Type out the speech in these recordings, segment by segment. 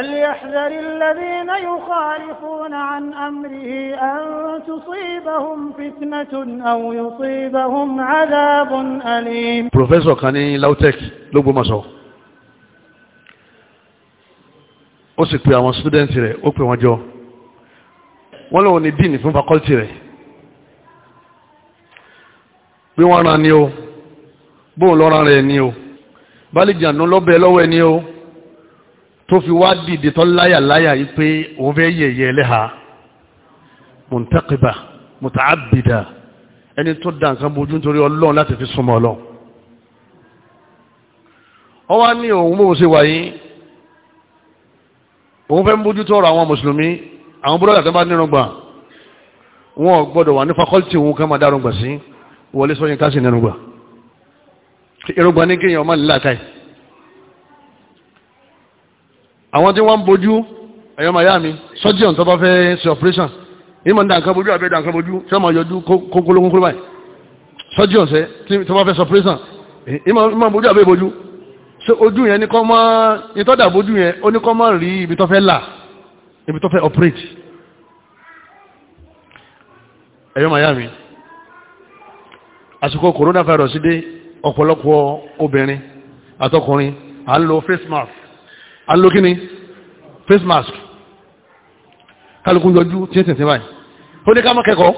فليحذر الذين يخالفون عن أمره أن تصيبهم فتنة أو يصيبهم عذاب أليم بروفيسور كاني لوتك لوبو ماسو ó sì pè àwọn students rẹ̀ ó pè wọ́n jọ wọ́n lòun ni dean fún faculty rẹ̀ bí wọ́n ran ni o bóun lọ́ran rẹ̀ ni o bálíjà nù lọ́bẹ̀ lọ́wọ́ ẹ ni o tó fi wá dìde tó láyàláyà yìí pé òun fẹ́ yẹ̀yẹ̀ ẹlẹ́ha muntakiba mutaabida ẹni tó dá nǹkan bójú nítorí ọlọ́run láti fi súnmọ́ ọlọ́run ọ wá ní òun bó ṣe wà yìí òun fẹ́ ń bójú tó ọ̀rọ̀ àwọn mùsùlùmí àwọn búrọ́dà tó bá nírùngbà wọn ò gbọ́dọ̀ wà ní fakọ́lítì òun kan máa dárùngbà sí wọlé sọ́yìn ká sì nírùngbà irùngbà ní kéèyàn ọmọ nílá káyìí àwọn tí wọ́n ń bojú ẹ̀yọ́ Miami. mi surgeon tó bá fẹ́ ṣe operation ìmọ̀ ní àǹkan bojú àbẹ́dà àǹkan bojú tí wọ́n máa yọjú kókólókókóló báyìí surgeon ṣe tó bá fẹ́ ṣe operation ìmọ̀ bojú àbẹ́ bojú ojú yẹn ní kọ́ mọ́ ìtọ́dà bojú yẹn ó ní kọ́ mọ́ rí ibi tó fẹ́ là ibi tó fẹ́ operate ẹ̀yọ́ màyá mi àsìkò coronavirus dé ọ̀pọ̀lọpọ̀ obìnrin àtọkùnrin à ń lo face mask alókíní face mask kálukú yọjú tí ń tẹ̀sẹ̀ báyìí ó ní ká má kẹ́kọ̀ọ́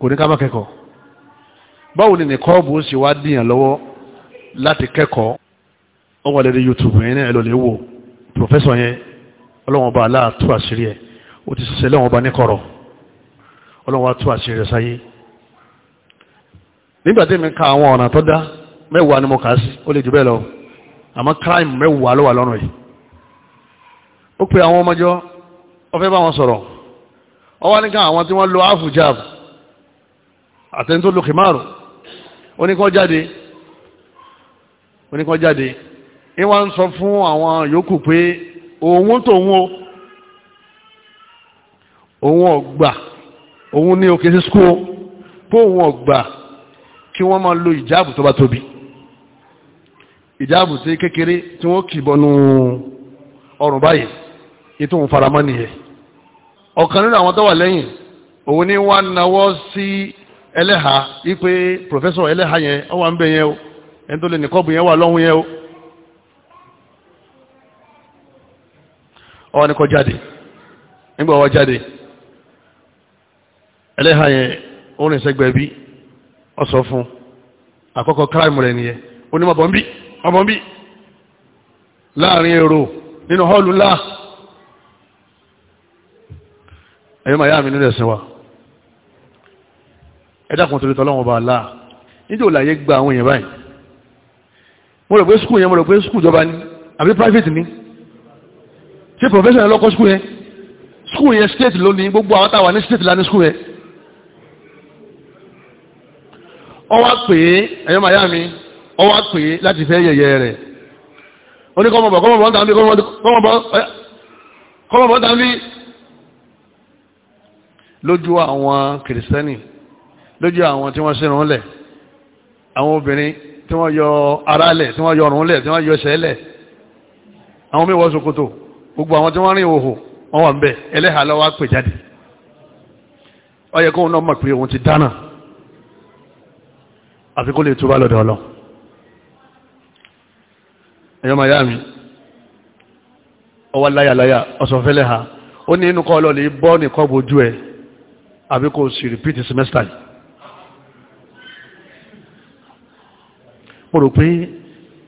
kò ní ká má kẹ́kọ̀ọ́ báwo ni nìkọ́ọ̀bù ó sì wá dìyàn lọ́wọ́ láti kẹ́kọ̀ọ́ ó wà lórí youtube yẹn náà lọ́lẹ́ wò professor yẹn ọlọ́wọ́n bá aláàtú àṣírí ẹ̀ ó ti ṣiṣẹ́ lọ́wọ́n bá ní kọ̀rọ̀ ọlọ́wọ́n á tú àṣírí rẹ̀ àmọ́ crime mẹ́wàá ló wà lọ́rùn yìí ó pe àwọn ọmọjọ́ ó fẹ́ bá wọn sọ̀rọ̀ ó wá nìkan àwọn tí wọ́n lo afujab àtẹni tó lo kìmáàrù oníkan jáde oníkan jáde ní wọ́n ń sọ fún àwọn yòókù pé òun tòun o òun ọ̀gbà òun ní òkè sí skul pé òun ọ̀gbà kí wọ́n máa lo ìjáàbù tó bá tóbi ìjáàbù sí kékeré tí wọ́n kì bọnú ọrùn báyìí ètò òun faramọ́ nìyẹn ọ̀kan nínú àwọn tó lẹ́yìn òun ní wá nawọ́ sí ẹlẹ́ha wípé pòfẹ́sọ̀ ẹlẹ́ha yẹn ó wà ń bẹ yẹn o ẹni tó lè ní kọ́ọ̀bù yẹn wà lọ́hùn yẹn o ọwọ́ ni kọ́ jáde nígbà ọwọ́ jáde ẹlẹ́ha yẹn ó rìn sẹ́gbẹ̀ẹ́ bí ọ sọ fún àkọ́kọ́ ọmọ bí láàrin èrò nínú hall ńlá ẹ̀yọ́ màá yá mi nílẹ̀ sẹ́wà ẹ̀dàkùn torí tọ́lọ́wọ́n bá láà níjò láyé gba àwọn èèyàn báyìí mo rò pé skul yẹn mo rò pé skul jọba ni àbí private ni ṣé professional lọ́kọ́ skul yẹn skul yẹn state ló ní gbogbo àwọn táwa ní state la ní skul yẹn ọ wá pè é ẹ̀yọ́ màá yá mi ọ wá pè é láti fẹ́ yẹ̀yẹ́ rẹ̀ ó ní kọ́mọ̀bọ̀ kọ́mọ̀bọ̀ tàbí kọ́mọ̀bọ̀ tàbí lójú àwọn kìrìsìtẹ́nì lójú àwọn tí wọ́n sínú lẹ̀ àwọn obìnrin tí wọ́n yọ ara lẹ̀ tí wọ́n yọ ọ̀rùn lẹ̀ tí wọ́n yọ sẹ́lẹ̀ àwọn mẹ́wọ́ ṣòkòtò gbogbo àwọn tí wọ́n rìn òhò wọ́n wà ń bẹ̀ ẹlẹ́hà lọ́wọ́ pè jáde ó yẹ kóun náà mọ̀ pé òun ti dáná àfi kó lè túbá lọ́dọ̀ ọlọ́run ẹ̀yọ́ máa yá mi ọwọ́ láyàláyà ọ̀sọ̀fẹ́lẹ̀ ha ó ní inú kọ́ lọ́lẹ̀ bọ́ nìkan bojú ẹ̀ àbí kò sì repeat semester yìí mo rò pé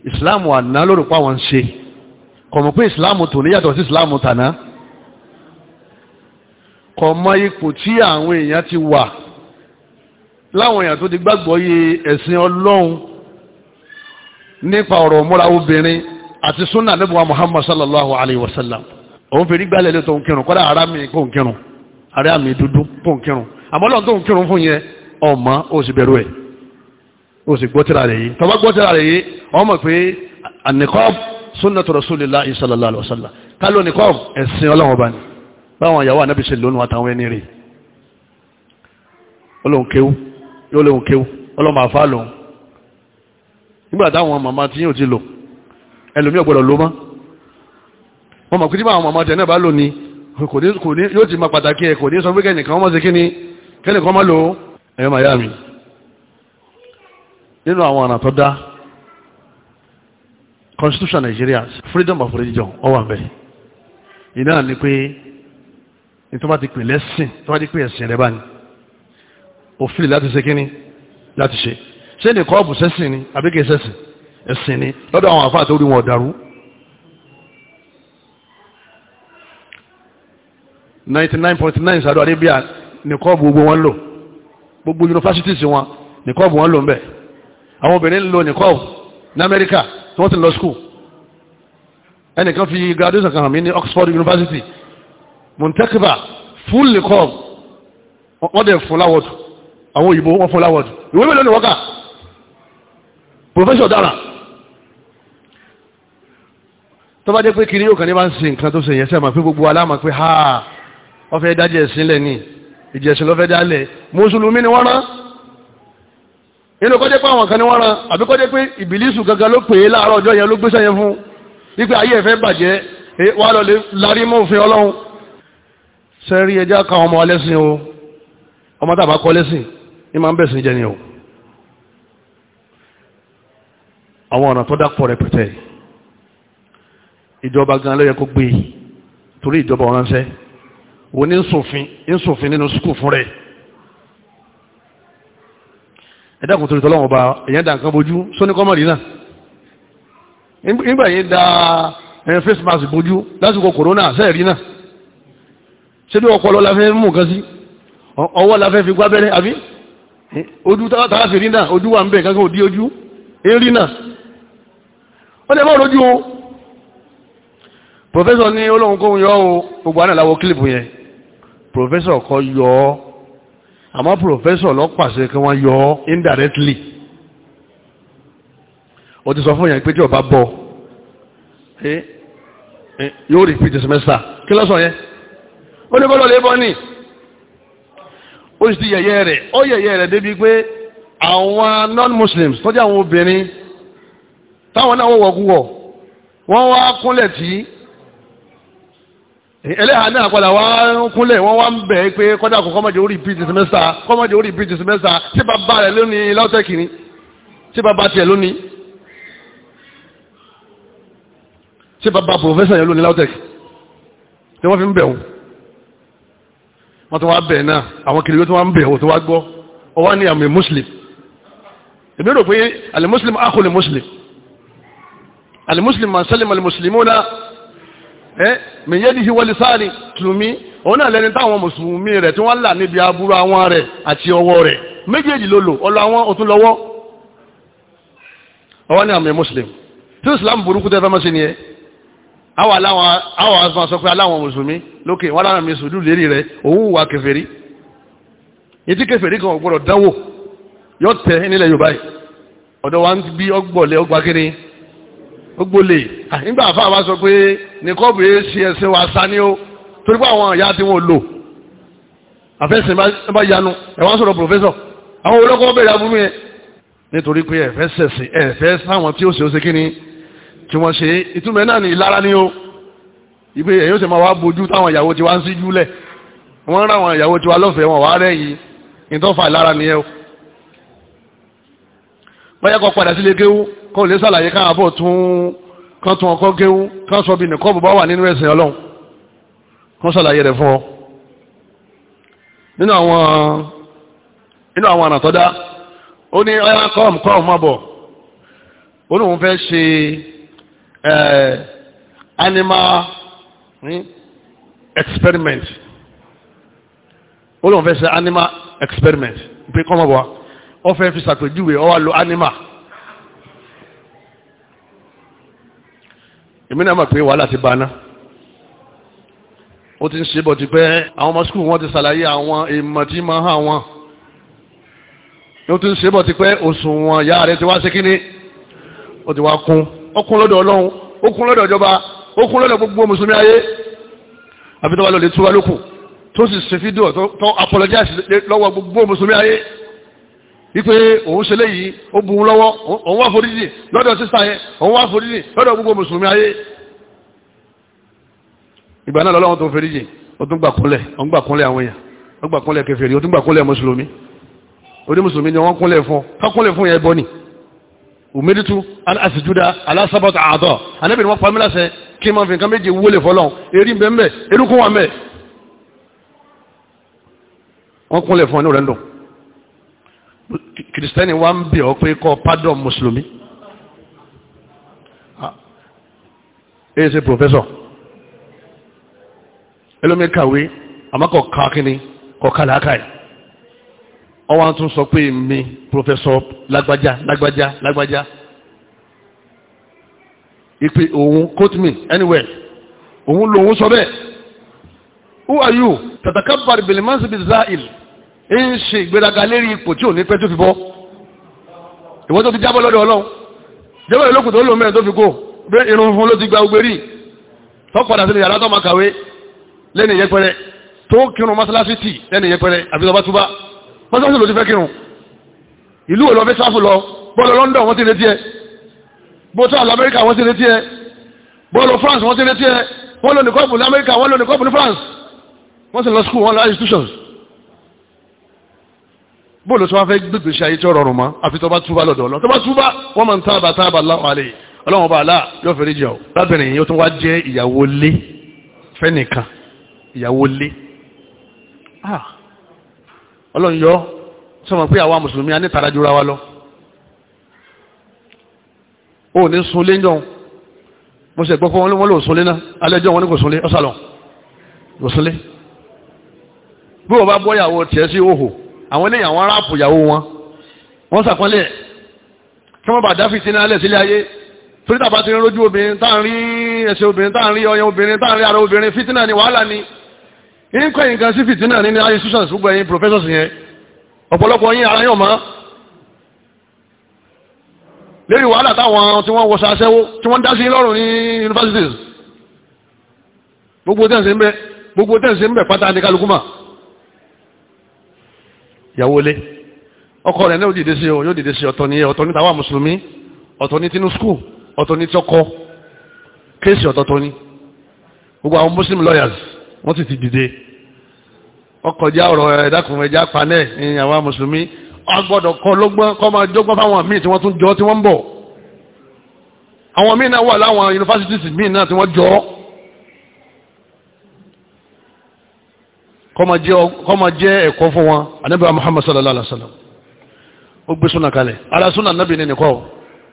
ìsìláàmù àná ló rò pé àwọn ń ṣe kò mọ̀ pé ìsìláàmù tòní yàtọ̀ sí ìsìláàmù tàná kò mọ ipò tí àwọn èèyàn ti wà láwọn èèyàn tó ti gbàgbọ́ yé ẹ̀sìn ọlọ́run nípa ọ̀rọ̀ múra obìnrin àti sunna níbuwa muhammad sallallahu alayhi wa sallam òun fi rí gbálẹ̀ lé tó ń kírun kọ́dá ara mi kó ń kírun ara mi dúdú kó ń kírun àmọ́ lọ́n tó ń kírun fún yẹn ọmọ ó sì bẹ̀rù ẹ̀ ó sì gbọ́tìrà rẹ̀ yìí tọ́ba gbọ́tìrà rẹ̀ yìí ọmọ pé an-niqab sunnatu rasulillahi sallallahu alayhi wa sallam kálọ̀ nígbà táwọn màmá tí yóò ti lò ẹlòmí ọ̀gbọ̀dọ̀ ló mọ́ wọn mọ̀ pé nígbà àwọn màmá tẹ̀ náà bá lò ní yóò ti ma pàtàkì ẹ̀ kò ní sọ pé kẹ́nìkan ọmọ sí kíni kẹ́nìkan má lò ẹ̀yọ́ màá yá mi nínú àwọn àrà tó dá constitution Nigeria freedom of religion ó wà ńbẹ̀ iná ni pé ní tó bá ti pè lẹ́sìn tó bá ti pè ẹ̀sìn rẹ̀ bá ní òfin láti ṣe kíni láti ṣe ṣé ní kọ́ọ̀bù sẹ́sìn ni àbí kìí sẹ́sìn ẹ̀sìn ni lọ́dọ̀ àwọn àfáà tó rí wọn dàrú. 99.9 Saudi Arabia ní kọ́ọ̀bù gbogbo wọn lò gbogbo universities wọn ní kọ́ọ̀bù wọn lò ń bẹ̀ àwọn obìnrin lò ní kọ́ọ̀bù ní Amẹ́ríkà tí wọ́n ti lọ school ẹnìkan fi graduation kan hàn ní Oxford University Montekiba full ní kọ́ọ̀bù wọ́n dẹ̀ fún láwọ̀dù àwọn òyìnbó wọ́n fún láwọ̀dù ìwé mélòó ni wọ́n kà professor dara tó bá jẹ́ pé kiri yóò kàn ní bá ń sin nǹkan tó sèyàn sẹ́mà pé gbogbo aláàmà pé ha ọfẹ́ dájẹ́ sílẹ̀ ní ìjẹ̀sìn lọ́fẹ́ dálẹ̀ mùsùlùmí ni wọ́n rán inú kọ́jẹ́ pé àwọn kan ní wọ́n rán àbí kọ́jẹ́ pé ìbílísù gangan ló pè é láàárọ̀ ọjọ́ yẹn ló gbéṣẹ́ yẹn fún wípé ayé ẹ̀fẹ́ bàjẹ́ e, wà lọ lárí mọ́ òfin ọlọ́run sẹ́rí ẹjá ọmọ alẹ́sìn o ọmọ tàbá kọ́ lẹ́sìn ní máa ń bẹ̀sìn jẹ ni o àwọn ọ̀nà tó dápọ̀ rẹpẹtẹ ìjọba gan ló yẹ kó gbé torí ìjọba ọ̀ránṣẹ́ wo ní nsòfin nsòfin nínú sukù fún rẹ ẹ torí tọ́lọ́wọ́n ba èyàn dà nǹkan bójú sóní kọ́mọ̀rì náà nígbà yẹn da ẹn face mask bójú lásìkò corona sẹ́ẹ̀rí náà ṣé bí ọpọlọ la fẹ́ mú nǹkan sí ọwọ́ la fẹ́ fi gbábẹ́rẹ́ àbí ojú táwa fi rí náà ojú wa ń bẹ̀ kankan ò ojú ń náà ó lè lójú o professor ní olóhun kóhun yọ o gbogbo àná kílìpù yẹn professor kọ́ yọ ọ́ àmọ́ professor lọ pàṣẹ kí wọ́n yọ ọ́ indirectly ó ti sọ fún yẹn pé tí ọba bọ̀ yóò repeat the semester kí lọ́sọ̀ yẹn ó ní bọ́lọ̀ lè bọ́ ní ó sì ti yẹ̀yẹ́ rẹ̀ ó yẹ̀yẹ́ rẹ̀ débi pé àwọn non-muslims tọ́jú àwọn obìnrin táwọn náà wọ́n wọ̀ kúwọ̀ wọ́n wá kúnlẹ̀ tí ẹlẹ́hàá náà padà wá ń kúnlẹ̀ wọ́n wá ń bẹ̀ pé kọ́dà kò kọ́mọ̀jẹ̀ orí bíi tìsí mẹ́sà kọ́mọ̀jẹ̀ orí bíi tìsí mẹ́sà tí bàbá rẹ̀ lónìí láwùtẹ́kì ni tí bàbá tiẹ̀ lónìí tí bàbá pòfẹ́sọ̀ yẹn lónìí láwùtẹ́kì ni wọ́n fi ń bẹ̀ wọn wọ́n tó wá bẹ̀ náà àwọn kìlìyó tó wá ń bẹ̀ wọ́n tó wá gbọ́ ọ ní àmì muslim èmi rò pé àlè muslim ákò lè muslim alimuslim ma salim alimuslimuna ẹ mẹyẹdi hiwọli sáàni tùmí òun náà lẹni táwọn mùsùlùmí rẹ tí wọn là níbi aburú àwọn rẹ àti ọwọ́ rẹ méjèèjì ló lò ọlọ àwọn òtún lọ́wọ́ ọwọ́ ní àmì muslim tí islam burúkú tẹ́ fẹ́ mọ́ sí ni ẹ àwọn aláwọn àwọn sọ pé aláwọn mùsùlùmí lókè wọn lára mi sùdú lérí rẹ òun wà kèfèrí etí kèfèrí kan ò gbọ́dọ̀ dánwò yọ tẹ nílẹ̀ gbogbo lè ah, nígbà àfáà wa sọ pé nìkọ́ọ̀bù yẹn ṣe ẹ̀sìn wa sa ni ó torí pé àwọn àyà tí wọ́n lò àfẹ́sìn bá yanu ẹ̀wọ́n sọ̀rọ̀ pòfẹ́sọ̀ àwọn olókọ́ bẹ̀rẹ̀ abúlé yẹn nítorí pé ẹ̀fẹ́ sẹ̀sìn ẹ̀fẹ́ sáwọn tí ó ṣe ó ṣe kíni tí wọ́n ṣe ìtumọ̀ náà ní ìlara ni ó ìgbé ẹ̀yọ́ sì máa wá bójú táwọn ìyàwó ti wá ń síjú lẹ̀ wọ́n ráwọn ìyàwó ti wá lọ́fẹ̀ẹ́ wọn wá rẹ́yìn ìtọ́fà ìlara ni ẹ o bọ́yá kọ padà sílé kéwú kó lè sàlàyé káwọn àbọ̀ tún kán tún ọkọ́ géwú kán sọ bí nìkọ́ bùbá wà nínú ẹ̀sìn ọlọ́run kán sàlàyé rẹ̀ fún ọ nínú àwọn nínú àwọn àna tọ́dá ó ní ọyá kọ́ọ̀m kọ́ọ̀m má bọ̀ ó ní fẹ́ ṣe ẹ̀ animal experiment ó lóun fẹ́ ṣe animal experiment pé kọ́ọ̀m má bọ̀ wá ó fẹ́ fi ṣàpèjúwe ó wá lo animal èmi náà mọ̀ pé wàhálà ti bana ó ti ń ṣe bọ̀ ti pẹ́ àwọn ọmọ skul wọn ti ṣàlàyé àwọn èèmọ̀ tí máa hàn wọn ó ti ń ṣe bọ̀ ti pẹ́ òṣùwọ̀n ìyá rẹ̀ ti wá sí kínní ó ti wá kún ó lọ́dọ̀ ọlọ́run ó lọ́dọ̀ ìjọba ó lọ́dọ̀ gbogbo mùsùlùmí ayé àbí tó wà lọ́lẹ̀ túwá lókù tó sì ṣe fídíò tó apologize lọ́wọ́ gbogbo mùsùlùmí ayé wípé òun ṣe léyìí ó bu lọ́wọ́ òun wá foríjì lọ́dọ̀ sísá yẹn òun wá foríjì lọ́dọ̀ gbogbo mùsùlùmí ayé ìgbà náà lọ́lọ́wọ́ tó foríjì ó tún gbà kúnlẹ̀ òun gbà kúnlẹ̀ àwọn èèyàn ó gbà kúnlẹ̀ kèfèrí ó tún gbà kúnlẹ̀ mùsùlùmí orí mùsùlùmí ni wọ́n kúnlẹ̀ fún ká kúnlẹ̀ fún yẹn bọ́ ni umiritu alasijuda alasabata àdọ́ anábìrin wọn pamela sẹ kí n máa fi nǹkan méje wọlé fọlọ́n erí bẹ́ẹ̀ mẹ́ erúkún wà mẹ́ wọ́n kúnlẹ̀ fún ọ ní kìrìsìtẹ́nì wa ń bẹ̀ ọ́ pé kọ́ pádọ̀ mùsùlùmí èyí ah. ṣe pòfẹ́sọ̀ ẹlòmí kàwé àmọ́kọ̀ kákínní kọ̀ kàlákàì ọwọ́ tún sọ pé mi pòfẹ́sọ̀ lágbájá lágbájá lágbájá ìpè òun quote me anywhere òun lòun sọ bẹ́ẹ̀ who are you tàtàkàbàrì bìlìmọ́sì bìzáìlì ń ṣe ìgbéraga lérí ipò tí ò ní pẹ́ tó fi bọ́ ìwọ́n tó ti jábọ́ lọ́dọ̀ ọlọ́run jẹ́bọ́ ìlókùn tó lò mẹ́rin tó fi kó bí irun fún ló ti gba ogbèrí tó padà sínú yàrá tó máa kàwé lẹ́nu ìyẹpẹrẹ tó kírun mọ́sálásí tì lẹ́nu ìyẹpẹrẹ àbíọ́bá túbá mọ́sálásí ló ti fẹ́ kírun ìlú òlò fẹ́ sáfù lọ bọ́ọ̀lù London wọ́n ti retí ẹ bọ́ọ̀lù Amẹ́ríkà wọ́n ti retí ẹ bọ́ọ̀lù France wọ́n ti retí ẹ wọ́n lò ní kọ́ọ̀pù ní Amẹ́ríkà wọ́n lò ní kọ́ọ̀pù ní France wọ́n sì lọ school wọ́n lọ institutions bóòlù tí wọ́n fẹ́ gbégbé ṣe ayé tí ó rọrùn mọ́ àfi tó bá túbá lọ́dọ̀ ọlọ́ tó bá túbá wọ́n máa ń tábà tábà láwọn àlè ọlọ́wọ́n bá aláà yóò fèrè jẹ́ ọ lábìnrin yóò tún wá jẹ́ ìyàwó lé fẹ́nìkan ìyàwó lé ah! ọlọ́run yọ sọmọ pé àwa mùsùlùmí a ní tara jura wa lọ ó ní sunlé ń jọun mo sì gbọ́ pé wọ́n lò sunlé náà alẹ́jọ́ wọn ní kò sunlé ọ̀sàlọ̀ kò sunlé bí wọ́n bá bọ́ ìyàwó tiẹ̀ sí òhò àwọn eléyìí àwọn aráàpù ìyàwó wọn wọ́n sàpọ́nlẹ̀ kí wọ́n bá dáfi sínú alẹ́ sílé ayé torí tàbá ti rójú obìnrin tá à ń rí ẹsẹ̀ obìnrin tá à ń rí ọyàn obìnrin tá à ń rí ara obìnrin fìtínà ni wàhálà ni ń kọ́ nǹkan sí fìtínà nínú ayé sùsàn gbogbo ẹ̀yin professors yẹn ọ̀pọ̀lọpọ̀ yín ara yàn mọ́ lérí wàhálà táwọn tí wọ́n wọṣọ aṣẹ́wó tí wọ́n dá sí lọ́rùn ní universities gbogbo tẹ̀sí ń bẹ gbogbo tẹ̀sí ń bẹ pátá ní kálukú mà ìyàwó lé ọkọ rẹ̀ náà dìde sí ọ yóò dìde sí ọ̀tọ̀ ní ọ̀tọ̀ ní tàwa mùsùlùmí ọ̀tọ̀ ní tinú skul ọ̀tọ̀ ní tọkọ kéèsì ọ̀tọ̀ tó ní gbogbo àwọn muslim lawyers wọ́n ti ti dìde ọkọ̀ já ọ̀rọ̀ ẹ̀dákùnrin ẹja panẹ́ ní àwọn mùsùlùmí ọgbọ́dọ̀ kọ lọ́gbọ́n kọ́ máa jọ́gbọ́n fáwọn míì tí wọ́n tún jọ tí wọ́n ń bọ̀ àwọn míì náà wà láwọn yunifásitì míì náà tí wọ́n jọ́ kọ́mọ jẹ́ ẹ̀kọ́ fún wọn anábìá muhammad sallallahu alaihi wa sallam ó gbé súnà kalẹ̀ ara súnà nábì ní nìkọ́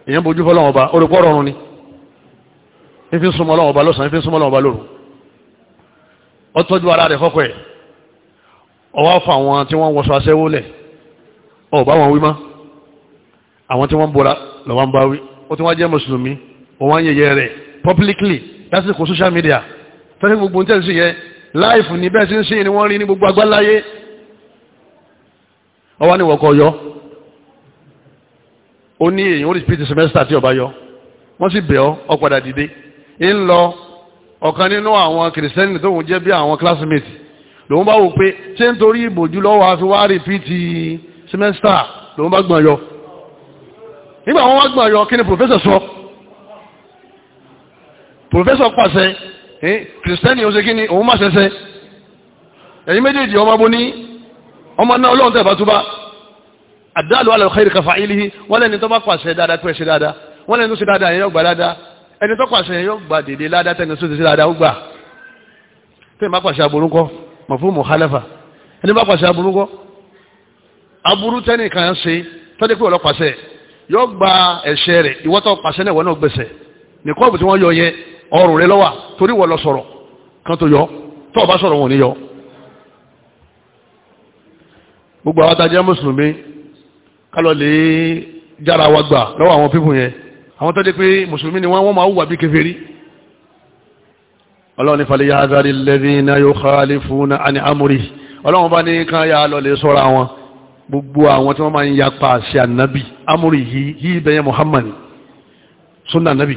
èèyàn bójú fọlọ́wọ́n ọba orúkọ rọrùn ni fífi súnmọ́ lọ́wọ́ ọba lọ́sàn-án fífi súnmọ́ lọ́wọ́ ọba lóru ó tọ́jú ara rẹ̀ kọ́kọ́ ẹ̀ ọwọ́ fún àwọn tí wọ́n wọṣọ aṣẹ́wó lẹ̀ ọba wọn wí mọ́ àwọn tí wọ́n bọ́ra lọ́wọ́ bá wí ó ti wá jẹ́ mùsùlùmí wọ́n wá yẹyẹ rẹ̀ publicly lásìkò social media fẹ́ẹ́ gbogbo ń tẹ̀sí láìfù ní bẹ́ẹ̀ sí ń sìn ni wọ́n rí ní gbogbo agbáláyé ọwọ́ ni wọ́kọ̀ yọ ó ní èyàn ó repeat semester tí ọba yọ wọ́n sì bẹ̀ ọ́ ọ̀padà dìde ń lọ ọ̀kan nínú àwọn kìrìsìtẹ́nì tóun jẹ́ bí àwọn classmate lòun bá wò pé ṣé nítorí ìbòjú lọ́wọ́ àfi wá repeat semester lòun bá gbọ̀n yọ nígbà wọn wá gbọ̀n yọ kí ni professor sọ professor pàṣẹ kìrìsìtẹ́nì ó ṣe kí ni òun má ṣẹṣẹ ẹ̀yin méjèèjì ọmọ bó ní ọmọ náà ọlọ́run tẹ̀bá túbá àdáàlú ala khairi kafa'ilihi wọ́n lẹ́ni tó bá pàṣẹ dáadáa tó ẹ̀ṣẹ̀ dáadáa wọ́n lẹ́ni tó ṣe dáadáa yóò gbà dáadáa ẹni tó pàṣẹ yóò gbà dèdè ládá tẹ́ni tó ṣe dáadáa ó gbà tẹ́ni bá pàṣẹ aburúkọ mafhumu mukhalafa ẹni bá pàṣẹ aburúkọ aburú tẹ́ni kan ṣe tọ́jú pé ọrùn rẹ lọ́wà torí wọ́n lọ sọ̀rọ̀ kan tó yọ tó o bá sọ̀rọ̀ wọn ò ní yọ. gbogbo àwọn tajà mùsùlùmí kálọ̀ lè jára wa gbà lọ́wọ́ àwọn pípù yẹn àwọn tó pé mùsùlùmí ni wọ́n wọ́n máa wùwà bí kèfèrí. ọlọ́run ní falẹ̀ yáa zari lladhina yukhalifuna àni amúrí ọlọ́run bá ní kan yà á lọ lè sọ́ra wọn gbogbo àwọn tí wọ́n máa ń yapa àṣẹ ànábì amúrí yìí yìí bẹ́yẹn sunna ànábì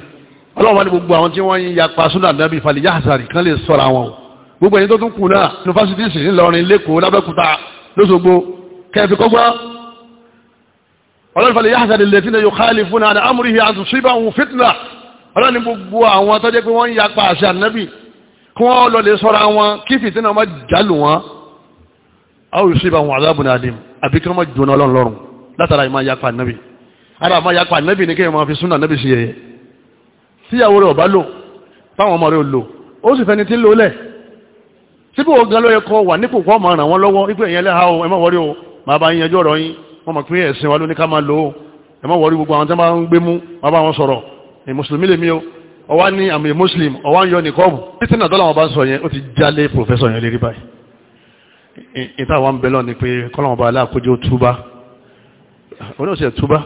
ọlọ́run bá ní gbogbo àwọn tí wọ́n ń yapa súnà nàbí falẹ̀ yáhásárì kan lè sọ̀rọ̀ àwọn o gbogbo ẹni tó tún kù náà yunifásitì sì ńlọrin lẹ́kọ̀ọ́ lábẹ́kúta lọ́sọ̀gbọ́ kẹfì kọ́gbọ́ ọlọ́run falẹ̀ yáhásárì lè tí ní yóò káàlì fún náà amúrí hi àti ṣíbà òun fitna ọlọ́run ní gbogbo àwọn tó jẹ́ pé wọ́n ń yapa àṣẹ ànábì kí wọ́n lọ lè sọ̀rọ̀ àwọn kí fìtínà má jálù wọn àwọn tíyàwó rẹ̀ ọ̀bá lò táwọn ọmọ rẹ̀ lò ó sì fẹni tí ń lò lẹ̀ síbí wo gan ló yẹ kọ wà nípò kọ́ máa ràn wọ́n lọ́wọ́ ipò ẹ̀yẹn lẹ́ha o ẹ má wọrí o máa bá yíyanjú ọ̀rọ̀ yín wọ́n mọ̀ pé ẹ̀sìn wa ló ní ká máa lò ó ẹ má wọrí gbogbo àwọn tí wọ́n bá ń gbé mú wọ́n bá wọn sọ̀rọ̀ ẹ̀ mùsùlùmí lèmi o ọwá ní àmì muslim ọwá ń yọ ní kọ́ọ̀bù títí náà tọ́láwọn bá ń sọ yẹn ó ti jálé pòfẹ́sọ̀ yẹn lérí báyìí ìtàwọn ń bẹ lọ ni pé kọ́láwọn bá aláàkójó túbá oníṣẹ́ túbá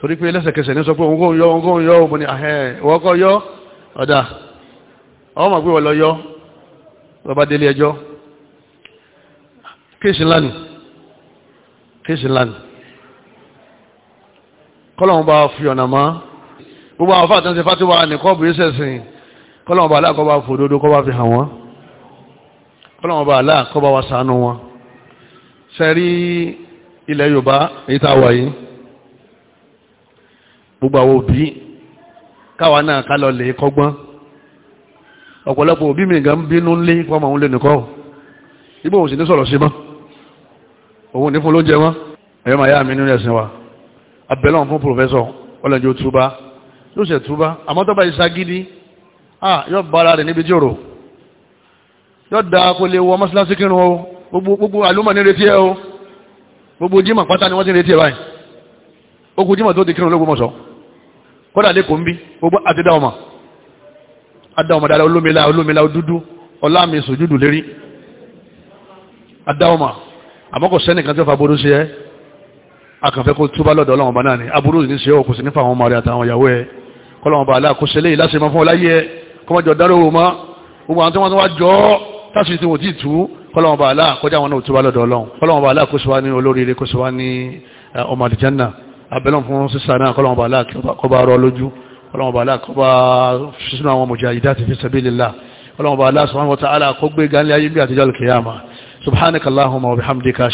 torí pé lẹ́sẹ̀kẹsẹ̀ ní sọ pé òun kò yọ òun kò yọ òun ni àhẹ́n ìwọ́n kọ́ yọ ọ̀dà ọmọ pé wọ́n lọ yọ bàbá délé ẹjọ́ kéèsì ńlá ni kéèsì ńlá ni kọ́lọ̀wọ́n bá fi ọ̀nà mọ́ gbogbo àwọn fàtàn sí fàtíwà ní kọ́ọ̀bù ìṣẹ̀sìn kọ́lọ̀wọ́n bá aláàkọ́ bá fòdodo kọ́ bá fi hàn wọ́n kọ́lọ̀wọ́n bá aláàkọ́ bá wa ṣàánú wọn sẹ́rí ilẹ̀ Yorùbá èyí tá a wà yìí gbogbo àwọn òbí káwa náà ká lọ lè kọ́gbọ́n ọ̀pọ̀lọpọ̀ òbí mi gan ń bínú lé fọ́mọ òun lè nìkọ́ ibò òsì ní sọ̀rọ̀ sí mọ́ òun ní fún lóúnjẹ wọn ẹ̀yọ́ màá yá mi nínú ẹ̀sìn wa abẹ́lọ́n fún pòfẹ́sọ̀ ọlọ́njọ́ túbá yóò ṣe túbá àmọ́ tọ́ba ìṣagídí ah yóò bára rẹ̀ níbi jòrò yóò da kó lè wọ mọ́sálásí kírun o gbogbo gbogbo àlùmọ̀ ní retí ẹ o gbogbo jímọ̀ pátá ni wọ́n ti retí ẹ báyìí ó kú tó ti kírun lógún kódà lẹ́kọ̀ọ́ ń bí gbogbo àti dá ọmọ adá ọmọ dáadáa olómìnira olómìnira dúdú ọlámi sòjúdù lérí adá ọmọ àmọ́ kò sẹ́nìkan tó fa aburú sí ẹ́ akànfẹ́ kó túbá lọ́dọ̀ ọlọ́wọ́n bá náà ni aburú ní sí ọkùnrin nípa àwọn ọmọ rẹ̀ àtàwọn ìyàwó ẹ̀ kọ́lọ́wọ́n bá aláàkóso eléyìí láti mọ fún ọláyé ẹ kọ́mọjọ dárò wò mọ́ gbogbo àwọn tí wọ́n wá jọ ọ́ tásì tí wọ́n ti tú kọ́lọ́wọ́n bá aláàkójá wọn náà abẹ́lọ́n fún sísá náà kọ́lọ́wọ́n bá aláàkí ọba rọ lójú kọ́lọ́wọ́n bá aláàkí ọba ṣíṣúná àwọn mujahidati fi sabilillah kọ́lọ́wọ́n bá aláàkí subhanahu wa ta'ala kó gbé gánlẹ̀ ayé bí àtijọ́ alkiyama subhanakallahumma wa bihamdika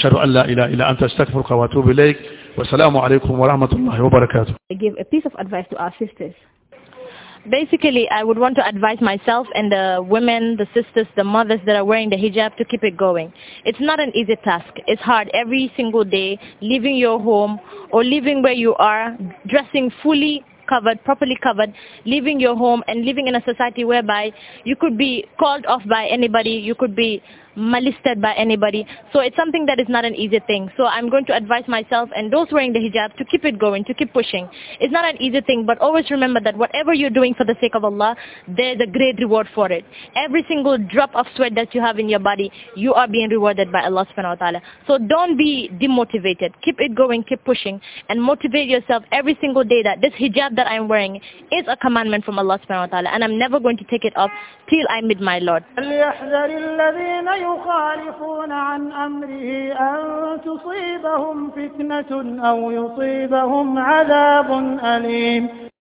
basically I would want to advise myself and the women, the sisters, the mothers that are wearing the hijab to keep it going. It's not an easy task. It's hard every single day, leaving your home or leaving where you are, dressing fully covered, properly covered, leaving your home and living in a society whereby you could be called off by anybody, you could be molested by anybody. So it's something that is not an easy thing. So I'm going to advise myself and those wearing the hijab to keep it going, to keep pushing. It's not an easy thing, but always remember that whatever you're doing for the sake of Allah, there's a great reward for it. Every single drop of sweat that you have in your body, you are being rewarded by Allah subhanahu wa ta'ala. So don't be demotivated. Keep it going, keep pushing, and motivate yourself every single day that this hijab that I'm wearing is a commandment from Allah subhanahu wa ta'ala, and I'm never going to take it off till I meet my Lord. يخالفون عن أمره أن تصيبهم فتنة أو يصيبهم عذاب أليم